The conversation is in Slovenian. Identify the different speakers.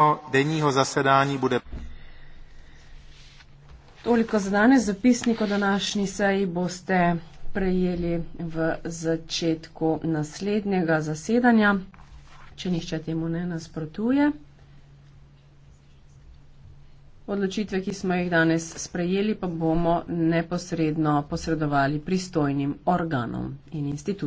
Speaker 1: No, denního zasedání bude.
Speaker 2: Toliko za danes. Zapisnik o današnji seji boste prejeli v začetku naslednjega zasedanja, če nihče temu ne nasprotuje. Odločitve, ki smo jih danes sprejeli, pa bomo neposredno posredovali pristojnim organom in institucijam.